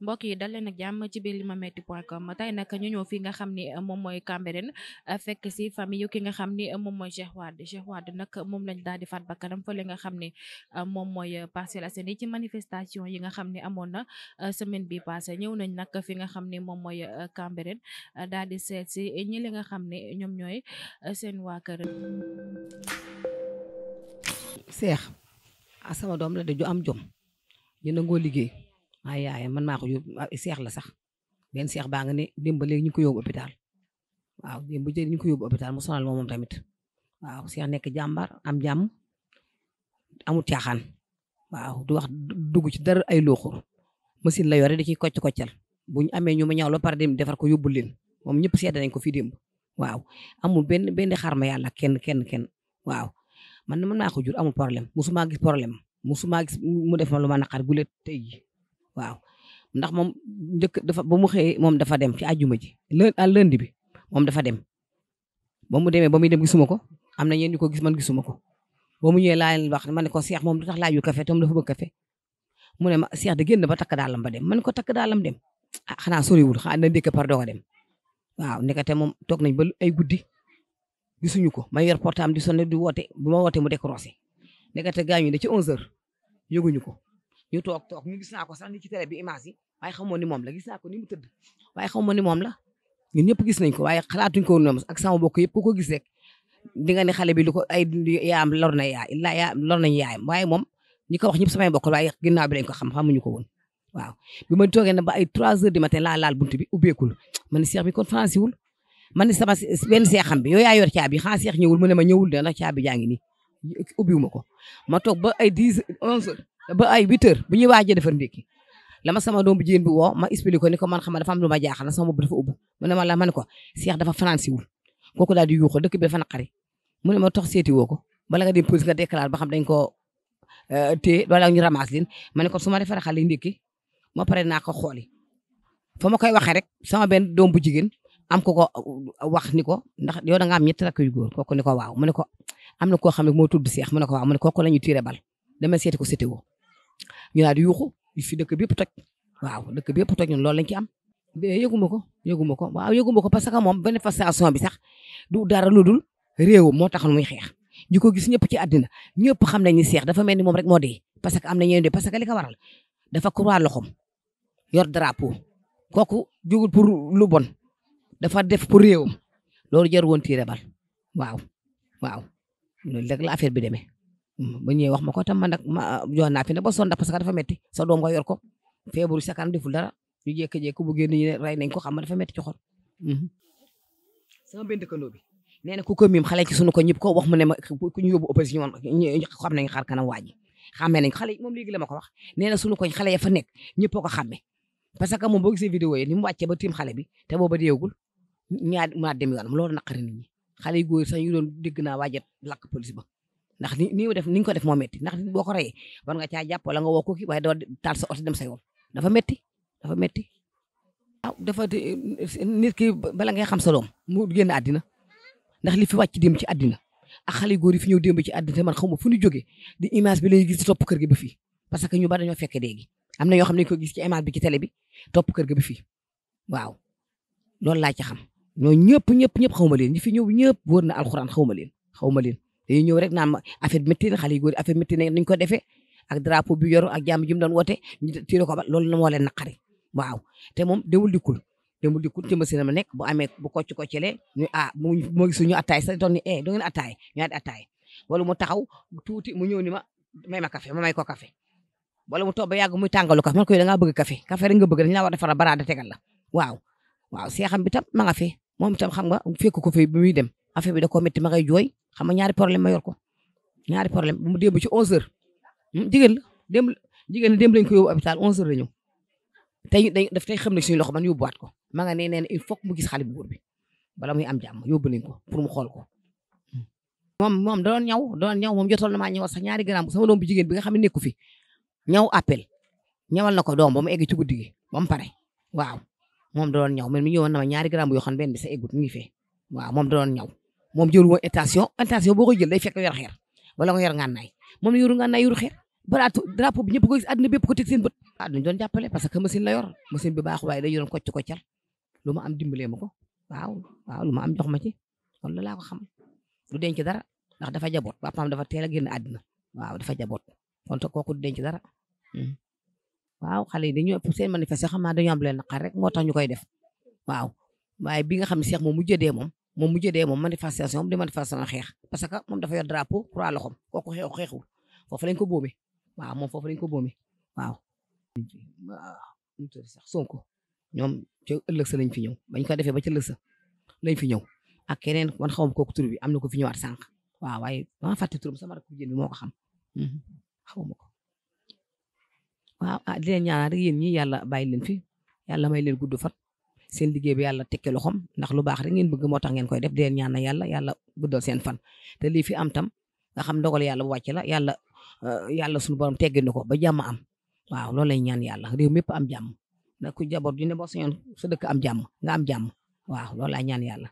mbokk yi dal leen ak jàmm ci biir limametti point com tey nag ñu ñëw fii nga xam ni eh, moom mooy Cambérène eh, fekk si famille yu ki nga xam ni eh, moom mooy Cheikh Wade Cheikh Wade nag moom lañ daal di faat bakkanam fële nga xam ni moom mooy Parcelles Assainies ci manifestation yi nga xam ni amoon na semaine bi passé ñëw nañ nag fi nga xam ni moom mooy Cambérène daal di seet si ñi li nga xam ni ñoom ñooy seen waa kër Cheikh ah, sama doom la de ju am jom ñu nangoo liggéey waaye yaayam man maa ko yóbbu ah, seex la sax benn seex baa nga ne démb léegi ñu ko yóbbu hôpital waaw démb léegi ñu ko yóbbu hôpital mu sonal moom tamit waaw seex nekk jàmbar am jàmm amul caaxaan waaw du wax dugg ci dara ay looxur machine la yore da ciy kocc koccal bu ñu amee ñu ma ñaaw la par dem defar ko yóbbu leen moom ñëpp seede nañ ko fi démb waaw amul benn benn xarma yàlla kenn kenn kenn waaw man man problème musuma gis problème musuma gis mu def ma lu waaw ndax moom njëkk dafa ba mu xëyee moom dafa dem ci àjjuma ji lën à lundi bi moom dafa dem ba mu demee ba muy dem gisuma ko am na ñeen ñu ko gis man gisuma ko ba mu ñëwee laa wax ma ne ko Cheikh moom du tax laaju café tam dafa bëgg café mu ne ma Cheikh da génn ba takk daalam ba dem man ko takk daalam dem ah xanaa soriwul xanaa na ndékk par doo ko dem waaw ndekete moom toog nañ ba ay guddi gisuñu ko may yor portable di sonné di woote bu ma wootee mu décroché ndekete gaañu ne ci 11h yëguñu ko ñu toog toog ñu gis naa ko sax ni ci télé bi image yi waaye xamoo ni moom la gis naa ko ni mu tëdd waaye xamoo ni moom la ko waaye xalaatuñ ko woon ak sama bokk yëpp ku ko gis rek di nga ne xale bi lu ko ay yaam lor na yaay la yaa lor nañ ko wax ñëpp samay bokk bi lañ ko xam xamuñu ko woon ma toogee na ba ay heures du matin laa laal bi ubbeekul ma ni seex bi kon fanasi wul ma sama benn bi yow yaa yor caabi xanaa seex ñëwul mu ne ma ñëwul de ndax caabi jaa ngi nii ubbiwuma ma toog ba ay 8 heures bu ñuy waaj a defar ndékki la sama doom bu jigéen bi woo ma expliqué ko ni ko man xam dafa am lu ma jaaxal na sama bopp dafa ubbu mu ne ma la ma ne ko Cheikh dafa faransiwul kooku daal di yuuxu dëkk bi dafa naqari mu ne ma tox seeti ko bala nga dem police nga déclaré ba xam dañ ko euh, téye wala ñu ramasse leen ma ne ko su ma defaree xale ndékki ma pare naa ko xooli fa ma koy waxee rek sama benn doom bu jigéen am ko ko euh, wax ni ko ndax yow da nga am ñetti rakk yu góor kooku ni ko waaw mu ne ko am na koo xam ne moo tudd Cheikh mu ne ko waaw mu ne kooku la ñu tiré bal dama seeti ko sétéwoo ñu daal di yuuxu fi dëkk bi yëpp toj waaw dëkk bi yëpp toj ñun loolu lañ ci am yëguma ko yëguma ko waaw yëguma ko parce que moom manifestation bi sax du dara lu dul réewam moo taxoon muy xeex ñu ko gis ñëpp ci àddina ñëpp xam nañ ni seex dafa mel ni moom rek moo dee parce que am na ñeen dee parce que li ko waral dafa croix loxom yor drapeau kooku jugul pour lu bon dafa def pour réewam loolu jar woon tiire bal waaw waaw loolu rek la affaire bi demee Mm, ba ñëwee wax ma ko man nag ma ah, jox naa fi ne ba sonn parce que dafa metti sa doom nga yor ko sa kanam deful dara ñu jékki-jékki bu génn ñu ne ko xam nga dafa metti ci xol. Mm-hmm. sama benn dëkkandoo bi nee na ko miim xale ci ko ñëpp ko wax mu ne ma ku ñu yóbbu opposition ko wax nee na sunu ko xàmmee parce que moom boo gisee vidéo yi ni mu wàccee ba tiim xale bi te booba deewagul ñaar maa dem yoonam loolu naqari nit ñi xale yu góor sax yu doon dégg naa waajat lakk police ba ndax ni ni def ni nga ko def moo metti ndax nit boo ko reyee war nga caa jàpp wala nga woo ko kii waaye doo taal sa oto yoon dafa metti dafa metti aw dafa nit ki bala ngay xam sa doom mu génn àddina ndax li fi wàcc dem ci àddina ak xale góor yi fi dem démb ci àddina man xaw ma fu ñu jógee di image bi lay gis di topp kër gi ba fii parce que ñu bari dañoo fekke léegi am na ñoo xam ne ko gis ci image bi ci télé bi topp kër gi ba fii waaw loolu laa ci xam ñoo ñëpp ñëpp ñëpp xaw ma leen ñi fi ñëw ñëpp wóor na alxuraan xaw ma leen xaw ma leen dañuy ñëw rek naan ma affaire bi métti na xale yu góor affaire métti na ni ñu ko defee ak drapeau bi yoru ak jàmm ji mu doon woote ñu tiire ko ba loolu moo leen naqari waaw te moom demul dikkul demul dikkul te ma nekk bu amee bu kocc koccele ñu ah mu gisu ñu attaay sax doon ni eh do ngeen attaay ñu at attaay wala mu taxaw tuuti mu ñëw ni ma ma ma café ma may ko café wala mu toog ba yàgg muy tàngalu café man koy da ngaa bëgg café café rek nga bëgg dañu la war a defara barada tegal la waaw waaw seexam bi tam ma nga fi moom xam nga fekk ko fi bi muy dem affaire bi da koo métti ma koy jooy xam ñaari problème ma yor ko ñaari problème mu démb ci 11h hmm, jigéen la démb jigéen la démb lañ ko a hôpital 11h la ñëw tey dañ daf tey xam ne suñu loxo man yóbbuwaat ko ma nga nee nee il fok mu gis xale bu góor bi bala muy am jàmm yóbbu ko pour mu xool ko. Hmm. moom moom da doon ñaw da doon ñaw moom jotoon na maa ñëwal sax ñaari garaam sama doom bu jigéen bi nga xam ne nekku fi ñaw appel ñawal na ko doom ba mu egg ci guddi gi ba waaw moom da doon ñaw man mi na ñaari garaam yoo xam ne benn bi sa eggut doon ñaw. moom jëru woon intention intention boo koy jël day fekk yor xeer wala nga yor ngànnaay moom yoru ngànnaay yoru xeer baraatu drapeau bi ñëpp ko gis àdduna bépp ko teg seen bët ah dañ doon jàppale parce que machine la yor machine bi baax waaye day yoroon kocc koccal ma am dimbalee ma ko waaw waaw lu ma am jox ma ci loolu laa ko xam du denc dara ndax dafa jaboot papaam dafa teel a génn àdduna waaw dafa jaboot kon te kooku du denc dara hmm. waaw xale yi dañu seen manifestation xam naa dañu am leen naqar rek moo tax ñu koy def waaw waaye bi nga xam ne Cheikh moom mu jëdee moom moom mu jëdee moom manifestation di manifestation xeex parce que moom dafa yor a croix loxom kooku xeexu xeexul foofu lañ ko boome waaw moom foofu lañ ko boome waaw. Sonko ñoom ci ëllëg sa lañ fi ñëw bañ ko defee ba ci ëllëg sa lañ fi ñëw ak keneen man xawam kooku tur bi am na ko fi ñëwaat sànq waaw waaye maa fàtte turam sama rakk jën bi moo ko xam xawma ko waaw ah di leen ñaanal rek yéen ñi yàlla bàyyi leen fi yàlla may leen gudd fat seen liggéey bi yàlla tekki loxoom ndax lu baax rek ngeen bëgg moo tax ngeen koy def di leen ñaan na yàlla yàlla guddal seen fan te lii fi am tam nga xam ndogal yàlla bu wàcc la yàlla eh, yàlla suñu borom teggi na ko ba jàmm am waaw loolu lay ñaan yàlla réew mépp am jàmm ndax ku jaboot am jàmm nga am jàmm waaw loolu laa